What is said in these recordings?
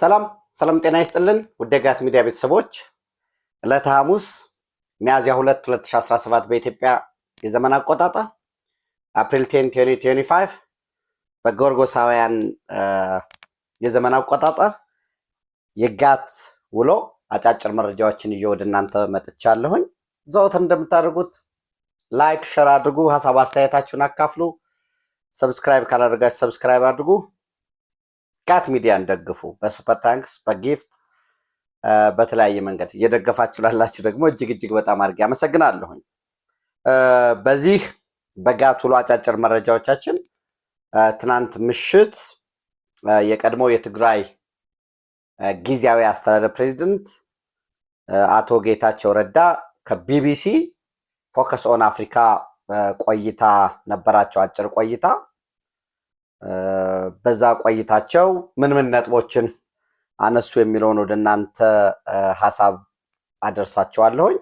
ሰላም ሰላም፣ ጤና ይስጥልን ውድ ጋት ሚዲያ ቤተሰቦች፣ ዕለተ ሐሙስ ሚያዝያ 2 2017 በኢትዮጵያ የዘመን አቆጣጠር አፕሪል 10 2025 በጎርጎሳውያን የዘመን አቆጣጠር የጋት ውሎ አጫጭር መረጃዎችን ይዤ ወደ እናንተ መጥቻለሁኝ። ዘወትር እንደምታደርጉት ላይክ፣ ሸር አድርጉ፣ ሀሳብ አስተያየታችሁን አካፍሉ። ሰብስክራይብ ካላደርጋችሁ ሰብስክራይብ አድርጉ። ካት ሚዲያን ደግፉ። በሱፐር ታንክስ፣ በጊፍት በተለያየ መንገድ እየደገፋችሁ ላላችሁ ደግሞ እጅግ እጅግ በጣም አድርጌ አመሰግናለሁኝ። በዚህ በጋት ውሎ አጫጭር መረጃዎቻችን ትናንት ምሽት የቀድሞ የትግራይ ጊዜያዊ አስተዳደር ፕሬዚደንት አቶ ጌታቸው ረዳ ከቢቢሲ ፎከስ ኦን አፍሪካ ቆይታ ነበራቸው፣ አጭር ቆይታ በዛ ቆይታቸው ምን ምን ነጥቦችን አነሱ የሚለውን ወደ እናንተ ሀሳብ አደርሳቸዋለሁኝ።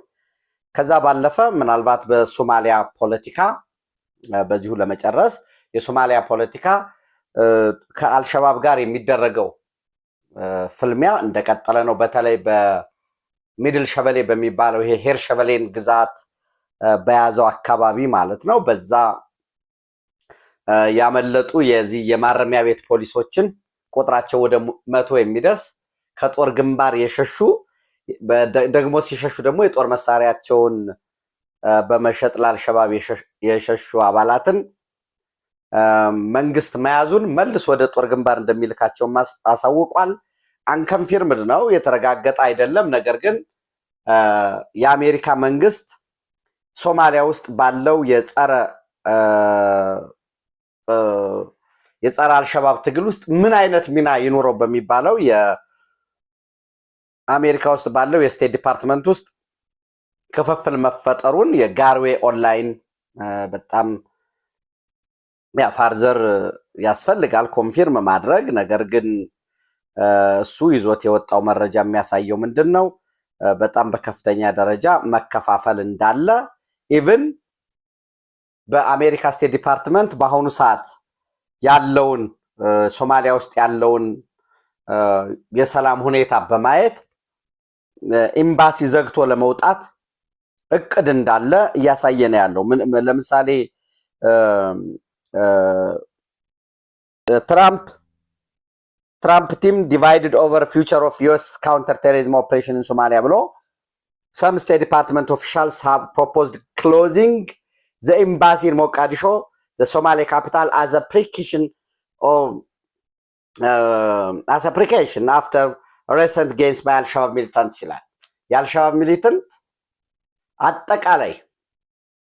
ከዛ ባለፈ ምናልባት በሶማሊያ ፖለቲካ በዚሁ ለመጨረስ የሶማሊያ ፖለቲካ ከአልሸባብ ጋር የሚደረገው ፍልሚያ እንደቀጠለ ነው። በተለይ በሚድል ሸበሌ በሚባለው ይሄ ሄር ሸበሌን ግዛት በያዘው አካባቢ ማለት ነው። በዛ ያመለጡ የዚህ የማረሚያ ቤት ፖሊሶችን ቁጥራቸው ወደ መቶ የሚደርስ ከጦር ግንባር የሸሹ ደግሞ ሲሸሹ ደግሞ የጦር መሳሪያቸውን በመሸጥ ለአልሸባብ የሸሹ አባላትን መንግስት መያዙን መልስ ወደ ጦር ግንባር እንደሚልካቸውም አሳውቋል። አንከንፊርምድ ነው የተረጋገጠ አይደለም። ነገር ግን የአሜሪካ መንግስት ሶማሊያ ውስጥ ባለው የጸረ የጸረ አልሸባብ ትግል ውስጥ ምን አይነት ሚና ይኖረው በሚባለው የአሜሪካ ውስጥ ባለው የስቴት ዲፓርትመንት ውስጥ ክፍፍል መፈጠሩን የጋርዌ ኦንላይን በጣም ያ ፋርዘር ያስፈልጋል ኮንፊርም ማድረግ ነገር ግን እሱ ይዞት የወጣው መረጃ የሚያሳየው ምንድን ነው? በጣም በከፍተኛ ደረጃ መከፋፈል እንዳለ ኢቭን በአሜሪካ ስቴት ዲፓርትመንት በአሁኑ ሰዓት ያለውን ሶማሊያ ውስጥ ያለውን የሰላም ሁኔታ በማየት ኤምባሲ ዘግቶ ለመውጣት እቅድ እንዳለ እያሳየ ነው ያለው። ለምሳሌ ትራምፕ ትራምፕ ቲም ዲቫይድድ ኦቨር ፊውቸር ኦፍ ዩስ ካውንተር ቴሮሪዝም ኦፕሬሽን ኢን ሶማሊያ ብሎ ሰም ስቴት ዲፓርትመንት ኦፊሻልስ ሃቭ ፕሮፖዝድ ክሎዚንግ ዘ ኤምባሲ ኢን ሞቃዲሾ ዘ ሶማሌ ካፒታል አዝ አፕሊኬሽን አዝ አፕሊኬሽን አፍተር ሬሰንት ጌንስ ባይ አልሻባብ ሚሊታንት ይላል። የአልሻባብ ሚሊታንት አጠቃላይ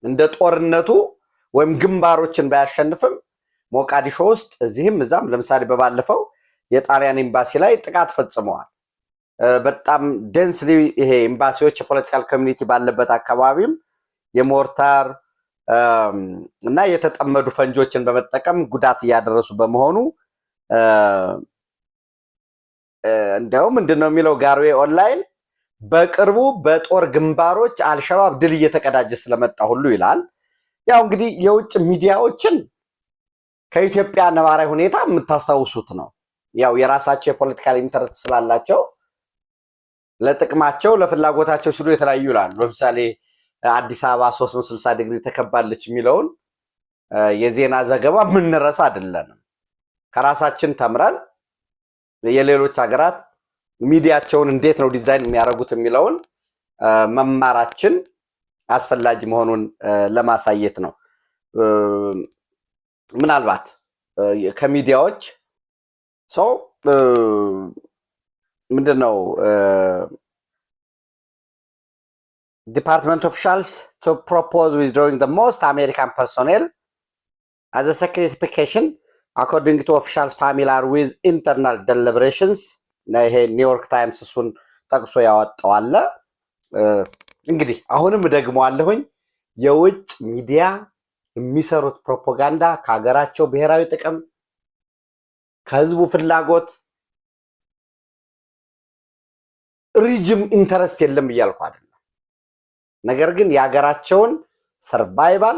እንደ ጦርነቱ ወይም ግንባሮችን ባያሸንፍም ሞቃዲሾ ውስጥ እዚህም እዛም ለምሳሌ በባለፈው የጣሊያን ኤምባሲ ላይ ጥቃት ፈጽመዋል። uh, በጣም ደንስሊ ይሄ ኤምባሲዎች የፖለቲካል ኮሚኒቲ ባለበት አካባቢም የሞርታር እና የተጠመዱ ፈንጆችን በመጠቀም ጉዳት እያደረሱ በመሆኑ እንዲያውም ምንድን ነው የሚለው ጋርዌ ኦንላይን በቅርቡ በጦር ግንባሮች አልሸባብ ድል እየተቀዳጀ ስለመጣ ሁሉ ይላል። ያው እንግዲህ የውጭ ሚዲያዎችን ከኢትዮጵያ ነባራዊ ሁኔታ የምታስታውሱት ነው። ያው የራሳቸው የፖለቲካል ኢንተረስት ስላላቸው ለጥቅማቸው ለፍላጎታቸው ሲሉ የተለያዩ ይላሉ። ለምሳሌ አዲስ አበባ 360 ዲግሪ ተከባለች የሚለውን የዜና ዘገባ የምንረሳ አይደለንም። ከራሳችን ተምረን የሌሎች ሀገራት ሚዲያቸውን እንዴት ነው ዲዛይን የሚያደርጉት የሚለውን መማራችን አስፈላጊ መሆኑን ለማሳየት ነው። ምናልባት ከሚዲያዎች ሰው ምንድን ነው ዲፓርትመንት ኦፊሻልስ ቱ ፕሮፖዝ ዊዝድሮዊንግ ዘ ሞስት አሜሪካን ፐርሶኔል አዝ ሰክሪፊኬሽን አኮርዲንግ ቱ ኦፊሻልስ ፋሚላር ዊዝ ኢንተርናል ደሊብሬሽንስ ይሄ ኒውዮርክ ታይምስ እሱን ጠቅሶ ያወጣዋለ። እንግዲህ አሁንም ደግሞ አለሁኝ የውጭ ሚዲያ የሚሰሩት ፕሮፓጋንዳ ከሀገራቸው ብሔራዊ ጥቅም ከህዝቡ ፍላጎት ሪጅም ኢንተረስት የለም እያልኩ አይደለም። ነገር ግን የሀገራቸውን ሰርቫይቫል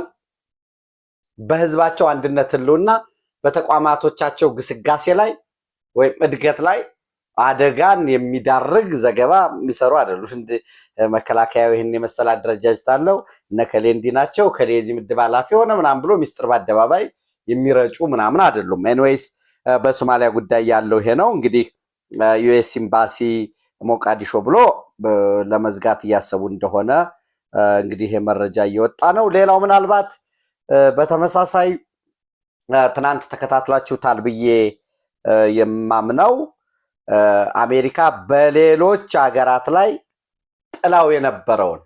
በህዝባቸው አንድነት ህልውና በተቋማቶቻቸው ግስጋሴ ላይ ወይም እድገት ላይ አደጋን የሚዳርግ ዘገባ የሚሰሩ አይደሉም። መከላከያ ይህን የመሰለ አደረጃጀት አለው፣ እነከሌ እንዲህ ናቸው፣ ከሌ የዚህ ምድብ ኃላፊ ሆነ ምናምን ብሎ ሚስጥር በአደባባይ የሚረጩ ምናምን አይደሉም። ኤንዌይስ በሶማሊያ ጉዳይ ያለው ይሄ ነው። እንግዲህ ዩኤስ ኤምባሲ ሞቃዲሾ ብሎ ለመዝጋት እያሰቡ እንደሆነ እንግዲህ መረጃ እየወጣ ነው። ሌላው ምናልባት በተመሳሳይ ትናንት ተከታትላችሁታል ብዬ የማምነው አሜሪካ በሌሎች ሀገራት ላይ ጥላው የነበረውን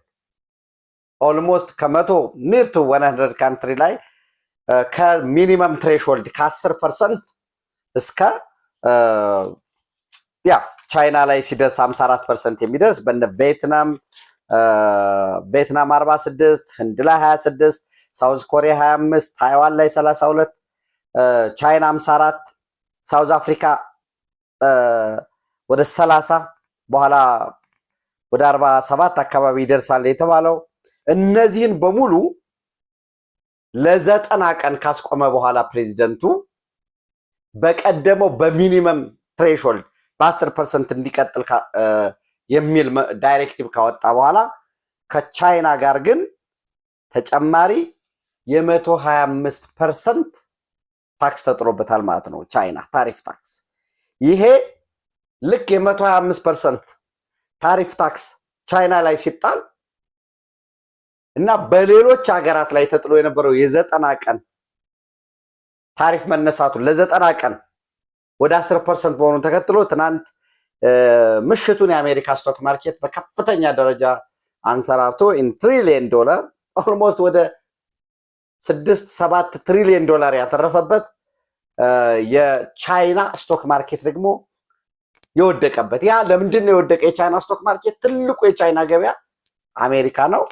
ኦልሞስት ከመቶ ሚርቱ ወን ሀንድረድ ካንትሪ ላይ ከሚኒመም ትሬሽሆልድ ከአስር ፐርሰንት እስከ ያ ቻይና ላይ ሲደርስ 54 ፐርሰንት የሚደርስ በነ ቪየትናም ቬትናም 46 ህንድ ላይ 26 ሳውዝ ኮሪያ 25 ታይዋን ላይ 32 ቻይና 54 ሳውዝ አፍሪካ ወደ 30 በኋላ ወደ 47 አካባቢ ይደርሳል የተባለው እነዚህን በሙሉ ለዘጠና ቀን ካስቆመ በኋላ ፕሬዚደንቱ በቀደመው በሚኒመም ትሬሾልድ በ10 ፐርሰንት እንዲቀጥል የሚል ዳይሬክቲቭ ካወጣ በኋላ ከቻይና ጋር ግን ተጨማሪ የመቶ 125 ፐርሰንት ታክስ ተጥሮበታል ማለት ነው። ቻይና ታሪፍ ታክስ ይሄ ልክ የ125 ፐርሰንት ታሪፍ ታክስ ቻይና ላይ ሲጣል እና በሌሎች ሀገራት ላይ ተጥሎ የነበረው የዘጠና ቀን ታሪፍ መነሳቱን ለዘጠና ቀን ወደ 10 ፐርሰንት መሆኑን ተከትሎ ትናንት ምሽቱን የአሜሪካ ስቶክ ማርኬት በከፍተኛ ደረጃ አንሰራርቶ ትሪሊየን ዶላር ኦልሞስት ወደ ስድስት ሰባት ትሪሊየን ዶላር ያተረፈበት የቻይና ስቶክ ማርኬት ደግሞ የወደቀበት። ያ ለምንድን ነው የወደቀ? የቻይና ስቶክ ማርኬት ትልቁ የቻይና ገበያ አሜሪካ ነው።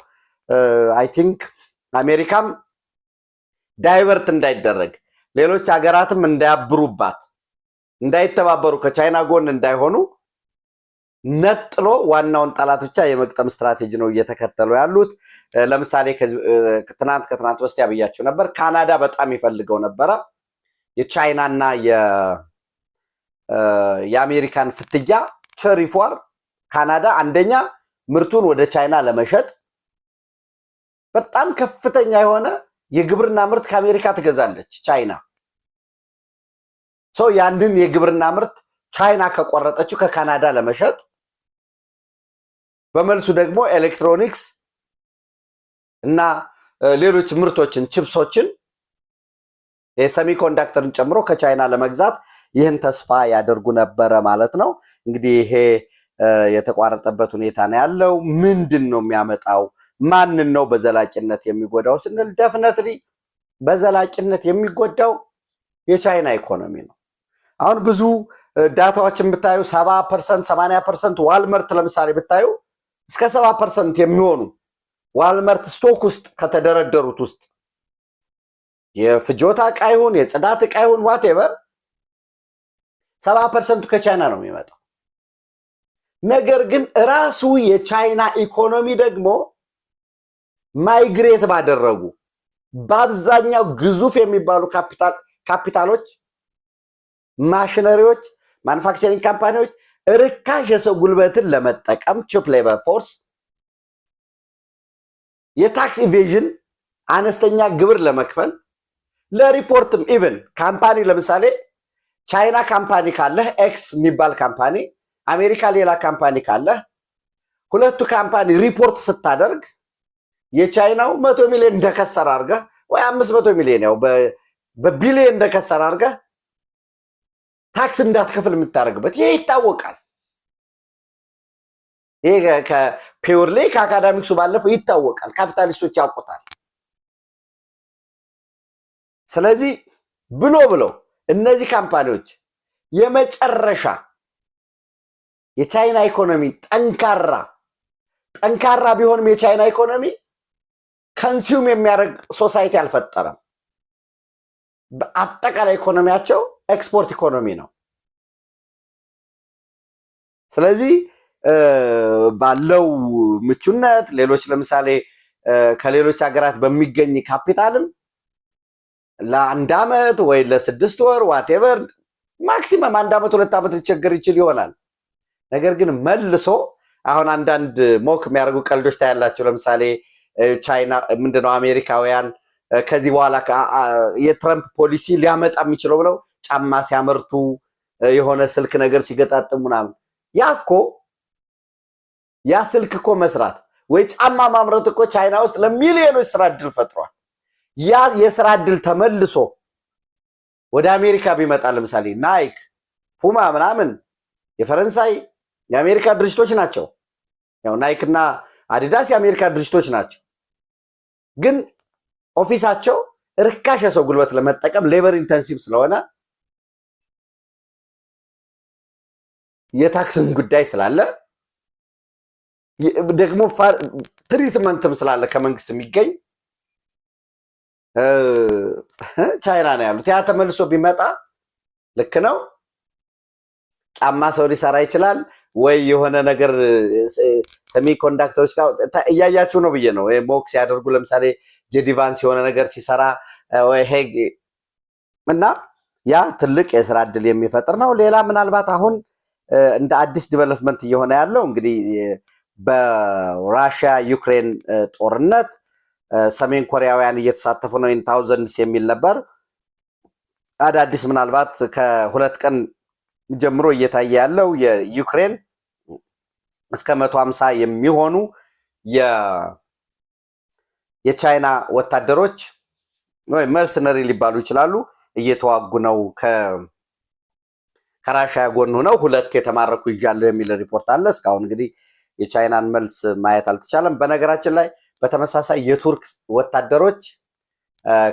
አይ ቲንክ አሜሪካም ዳይቨርት እንዳይደረግ ሌሎች ሀገራትም እንዳያብሩባት እንዳይተባበሩ ከቻይና ጎን እንዳይሆኑ ነጥሎ ዋናውን ጠላት ብቻ የመቅጠም ስትራቴጂ ነው እየተከተሉ ያሉት። ለምሳሌ ትናንት ከትናንት በስቲያ ብያቸው ነበር። ካናዳ በጣም ይፈልገው ነበረ የቻይናና የአሜሪካን ፍትያ ትሪፎር ካናዳ አንደኛ ምርቱን ወደ ቻይና ለመሸጥ በጣም ከፍተኛ የሆነ የግብርና ምርት ከአሜሪካ ትገዛለች ቻይና። ሰው ያንን የግብርና ምርት ቻይና ከቆረጠችው ከካናዳ ለመሸጥ በመልሱ ደግሞ ኤሌክትሮኒክስ እና ሌሎች ምርቶችን ችፕሶችን የሰሚኮንዳክተርን ጨምሮ ከቻይና ለመግዛት ይህን ተስፋ ያደርጉ ነበረ ማለት ነው። እንግዲህ ይሄ የተቋረጠበት ሁኔታ ነው ያለው። ምንድን ነው የሚያመጣው? ማንን ነው በዘላቂነት የሚጎዳው ስንል ደፍነትሊ በዘላቂነት የሚጎዳው የቻይና ኢኮኖሚ ነው። አሁን ብዙ ዳታዎች የምታዩ ሰባ ፐርሰንት ሰማንያ ፐርሰንት ዋልመርት ለምሳሌ ብታዩ እስከ ሰባ ፐርሰንት የሚሆኑ ዋልመርት ስቶክ ውስጥ ከተደረደሩት ውስጥ የፍጆታ እቃ ይሁን የጽዳት እቃ ይሁን ዋቴቨር ሰባ ፐርሰንቱ ከቻይና ነው የሚመጣው። ነገር ግን ራሱ የቻይና ኢኮኖሚ ደግሞ ማይግሬት ባደረጉ በአብዛኛው ግዙፍ የሚባሉ ካፒታሎች ማሽነሪዎች፣ ማኑፋክቸሪንግ ካምፓኒዎች ርካሽ የሰው ጉልበትን ለመጠቀም ቺፕ ሌበር ፎርስ፣ የታክስ ኢቬዥን አነስተኛ ግብር ለመክፈል ለሪፖርትም ኢቨን ካምፓኒ ለምሳሌ ቻይና ካምፓኒ ካለህ ኤክስ የሚባል ካምፓኒ፣ አሜሪካ ሌላ ካምፓኒ ካለህ ሁለቱ ካምፓኒ ሪፖርት ስታደርግ የቻይናው መቶ ሚሊዮን እንደከሰር አድርገህ ወይ አምስት መቶ ሚሊዮን ያው በቢሊዮን እንደከሰር አድርገህ ታክስ እንዳትከፍል የምታደርግበት ይሄ ይታወቃል። ይሄ ከፔወር ላይ ከአካዳሚክሱ ባለፈው ይታወቃል። ካፒታሊስቶች ያውቁታል። ስለዚህ ብሎ ብሎ እነዚህ ካምፓኒዎች የመጨረሻ የቻይና ኢኮኖሚ ጠንካራ ጠንካራ ቢሆንም የቻይና ኢኮኖሚ ከንሲውም የሚያደርግ ሶሳይቲ አልፈጠረም። በአጠቃላይ ኢኮኖሚያቸው ኤክስፖርት ኢኮኖሚ ነው። ስለዚህ ባለው ምቹነት ሌሎች ለምሳሌ ከሌሎች ሀገራት በሚገኝ ካፒታልም ለአንድ ዓመት ወይ ለስድስት ወር ዋቴቨር ማክሲመም አንድ ዓመት ሁለት ዓመት ሊቸገር ይችል ይሆናል። ነገር ግን መልሶ አሁን አንዳንድ ሞክ የሚያደርጉ ቀልዶች ታያላቸው። ለምሳሌ ቻይና ምንድነው አሜሪካውያን ከዚህ በኋላ የትረምፕ ፖሊሲ ሊያመጣ የሚችለው ብለው ጫማ ሲያመርቱ የሆነ ስልክ ነገር ሲገጣጥሙ ምናምን ያ እኮ ያ ስልክ እኮ መስራት ወይ ጫማ ማምረት እኮ ቻይና ውስጥ ለሚሊዮኖች ስራ እድል ፈጥሯል። ያ የስራ እድል ተመልሶ ወደ አሜሪካ ቢመጣ ለምሳሌ ናይክ፣ ፑማ ምናምን የፈረንሳይ የአሜሪካ ድርጅቶች ናቸው። ያው ናይክ እና አዲዳስ የአሜሪካ ድርጅቶች ናቸው፣ ግን ኦፊሳቸው ርካሽ የሰው ጉልበት ለመጠቀም ሌበር ኢንተንሲቭ ስለሆነ የታክስን ጉዳይ ስላለ ደግሞ ትሪትመንትም ስላለ ከመንግስት የሚገኝ ቻይና ነው ያሉት። ያ ተመልሶ ቢመጣ ልክ ነው። ጫማ ሰው ሊሰራ ይችላል ወይ የሆነ ነገር ሰሚ ኮንዳክተሮች እያያችሁ ነው ብዬ ነው ሞክ ሲያደርጉ ለምሳሌ ጄዲቫንስ የሆነ ነገር ሲሰራ ወይ ሄግ እና ያ ትልቅ የስራ እድል የሚፈጥር ነው። ሌላ ምናልባት አሁን እንደ አዲስ ዲቨሎፕመንት እየሆነ ያለው እንግዲህ በራሽያ ዩክሬን ጦርነት ሰሜን ኮሪያውያን እየተሳተፉ ነው። ኢን ታውዘንድስ የሚል ነበር። አዳዲስ ምናልባት ከሁለት ቀን ጀምሮ እየታየ ያለው የዩክሬን እስከ መቶ ሀምሳ የሚሆኑ የቻይና ወታደሮች ወይ መርሰነሪ ሊባሉ ይችላሉ እየተዋጉ ነው። ከራሻ ጎን ሆነው ሁለት የተማረኩ ይዣለሁ የሚል ሪፖርት አለ። እስካሁን እንግዲህ የቻይናን መልስ ማየት አልተቻለም። በነገራችን ላይ በተመሳሳይ የቱርክ ወታደሮች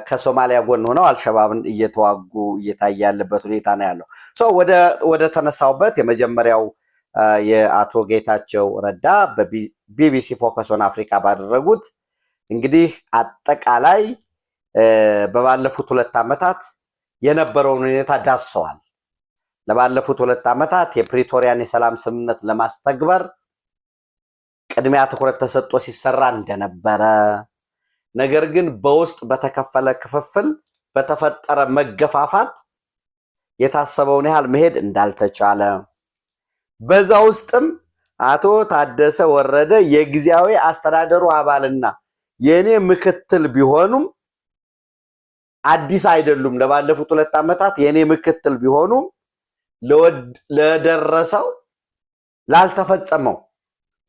ከሶማሊያ ጎን ሆነው አልሸባብን እየተዋጉ እየታየ ያለበት ሁኔታ ነው ያለው። ወደ ተነሳውበት የመጀመሪያው የአቶ ጌታቸው ረዳ በቢቢሲ ፎከስ ኦን አፍሪካ ባደረጉት እንግዲህ አጠቃላይ በባለፉት ሁለት ዓመታት የነበረውን ሁኔታ ዳስሰዋል። ለባለፉት ሁለት ዓመታት የፕሪቶሪያን የሰላም ስምምነት ለማስተግበር ቅድሚያ ትኩረት ተሰጥቶ ሲሰራ እንደነበረ ነገር ግን በውስጥ በተከፈለ ክፍፍል በተፈጠረ መገፋፋት የታሰበውን ያህል መሄድ እንዳልተቻለ በዛ ውስጥም አቶ ታደሰ ወረደ የጊዜያዊ አስተዳደሩ አባልና የእኔ ምክትል ቢሆኑም አዲስ አይደሉም። ለባለፉት ሁለት ዓመታት የእኔ ምክትል ቢሆኑም ለደረሰው ላልተፈጸመው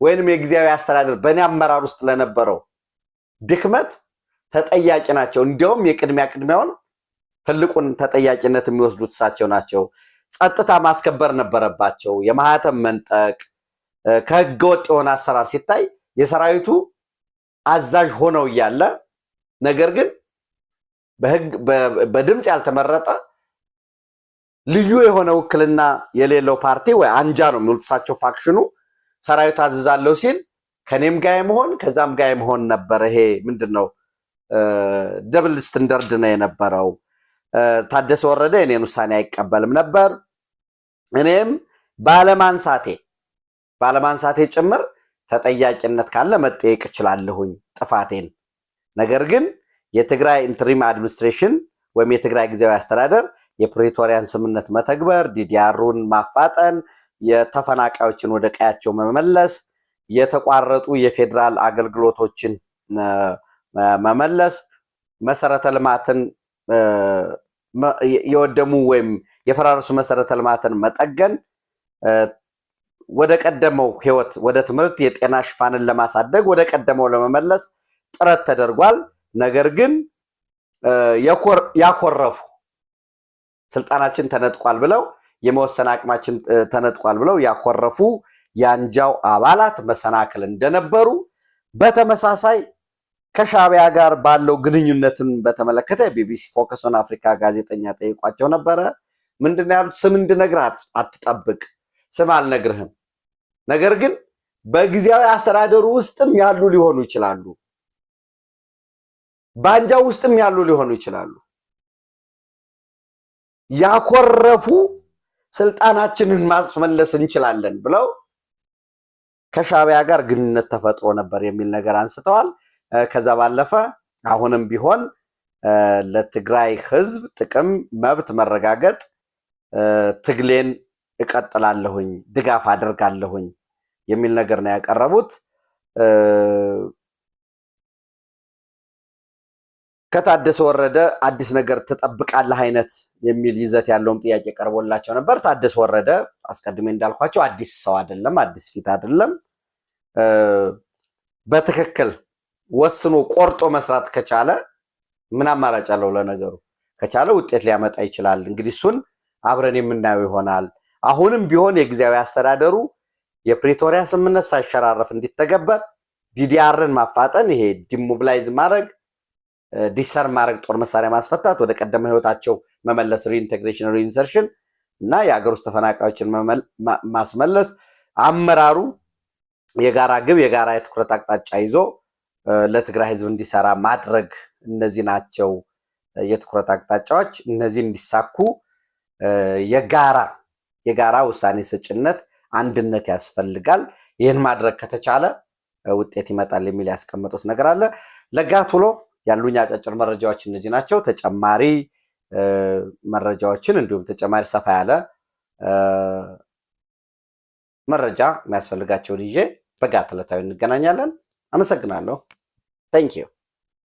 ወይንም የጊዜያዊ አስተዳደር በእኔ አመራር ውስጥ ለነበረው ድክመት ተጠያቂ ናቸው። እንዲያውም የቅድሚያ ቅድሚያውን ትልቁን ተጠያቂነት የሚወስዱት እሳቸው ናቸው። ጸጥታ ማስከበር ነበረባቸው። የማህተም መንጠቅ ከህገ ወጥ የሆነ አሰራር ሲታይ የሰራዊቱ አዛዥ ሆነው እያለ ነገር ግን በድምፅ ያልተመረጠ ልዩ የሆነ ውክልና የሌለው ፓርቲ ወይ አንጃ ነው የሚሉት እሳቸው ፋክሽኑ ሰራዊት አዝዛለሁ ሲል ከኔም ጋ የመሆን ከዛም ጋ የመሆን ነበረ። ይሄ ምንድን ነው ደብል ስትንደርድ ነው የነበረው። ታደሰ ወረደ እኔን ውሳኔ አይቀበልም ነበር። እኔም ባለማንሳቴ ባለማንሳቴ ጭምር ተጠያቂነት ካለ መጠየቅ እችላለሁኝ ጥፋቴን። ነገር ግን የትግራይ ኢንትሪም አድሚኒስትሬሽን ወይም የትግራይ ጊዜያዊ አስተዳደር የፕሪቶሪያን ስምምነት መተግበር፣ ዲዲያሩን ማፋጠን፣ የተፈናቃዮችን ወደ ቀያቸው መመለስ፣ የተቋረጡ የፌዴራል አገልግሎቶችን መመለስ፣ መሰረተ ልማትን የወደሙ ወይም የፈራረሱ መሰረተ ልማትን መጠገን፣ ወደ ቀደመው ህይወት፣ ወደ ትምህርት፣ የጤና ሽፋንን ለማሳደግ ወደ ቀደመው ለመመለስ ጥረት ተደርጓል። ነገር ግን ያኮረፉ ስልጣናችን ተነጥቋል ብለው የመወሰን አቅማችን ተነጥቋል ብለው ያኮረፉ የአንጃው አባላት መሰናክል እንደነበሩ በተመሳሳይ ከሻቢያ ጋር ባለው ግንኙነትን በተመለከተ ቢቢሲ ፎከስ ኦን አፍሪካ ጋዜጠኛ ጠይቋቸው ነበረ። ምንድን ያሉት? ስም እንድነግር አትጠብቅ፣ ስም አልነግርህም። ነገር ግን በጊዜያዊ አስተዳደሩ ውስጥም ያሉ ሊሆኑ ይችላሉ በአንጃ ውስጥም ያሉ ሊሆኑ ይችላሉ። ያኮረፉ ስልጣናችንን ማስመለስ እንችላለን ብለው ከሻቢያ ጋር ግንኙነት ተፈጥሮ ነበር የሚል ነገር አንስተዋል። ከዛ ባለፈ አሁንም ቢሆን ለትግራይ ሕዝብ ጥቅም፣ መብት መረጋገጥ ትግሌን እቀጥላለሁኝ፣ ድጋፍ አደርጋለሁኝ የሚል ነገር ነው ያቀረቡት። ከታደሰ ወረደ አዲስ ነገር ትጠብቃለህ አይነት የሚል ይዘት ያለውን ጥያቄ ቀርቦላቸው ነበር። ታደሰ ወረደ አስቀድሜ እንዳልኳቸው አዲስ ሰው አይደለም፣ አዲስ ፊት አይደለም። በትክክል ወስኖ ቆርጦ መስራት ከቻለ ምን አማራጭ አለው? ለነገሩ ከቻለ ውጤት ሊያመጣ ይችላል። እንግዲህ እሱን አብረን የምናየው ይሆናል። አሁንም ቢሆን የጊዜያዊ አስተዳደሩ የፕሪቶሪያ ስምምነት ሳይሸራረፍ እንዲተገበር ዲዲአርን ማፋጠን፣ ይሄ ዲሞብላይዝ ማድረግ ዲሰር ማድረግ፣ ጦር መሳሪያ ማስፈታት፣ ወደ ቀደመ ህይወታቸው መመለስ፣ ሪኢንቴግሬሽን ሪኢንሰርሽን እና የሀገር ውስጥ ተፈናቃዮችን ማስመለስ አመራሩ የጋራ ግብ የጋራ የትኩረት አቅጣጫ ይዞ ለትግራይ ህዝብ እንዲሰራ ማድረግ። እነዚህ ናቸው የትኩረት አቅጣጫዎች። እነዚህ እንዲሳኩ የጋራ የጋራ ውሳኔ ሰጭነት፣ አንድነት ያስፈልጋል። ይህን ማድረግ ከተቻለ ውጤት ይመጣል የሚል ያስቀመጡት ነገር አለ ለጋት ውሎ ያሉኝ አጫጭር መረጃዎች እነዚህ ናቸው። ተጨማሪ መረጃዎችን እንዲሁም ተጨማሪ ሰፋ ያለ መረጃ የሚያስፈልጋቸውን ይዤ በጋ ዕለታዊ እንገናኛለን። አመሰግናለሁ። ታንኪዩ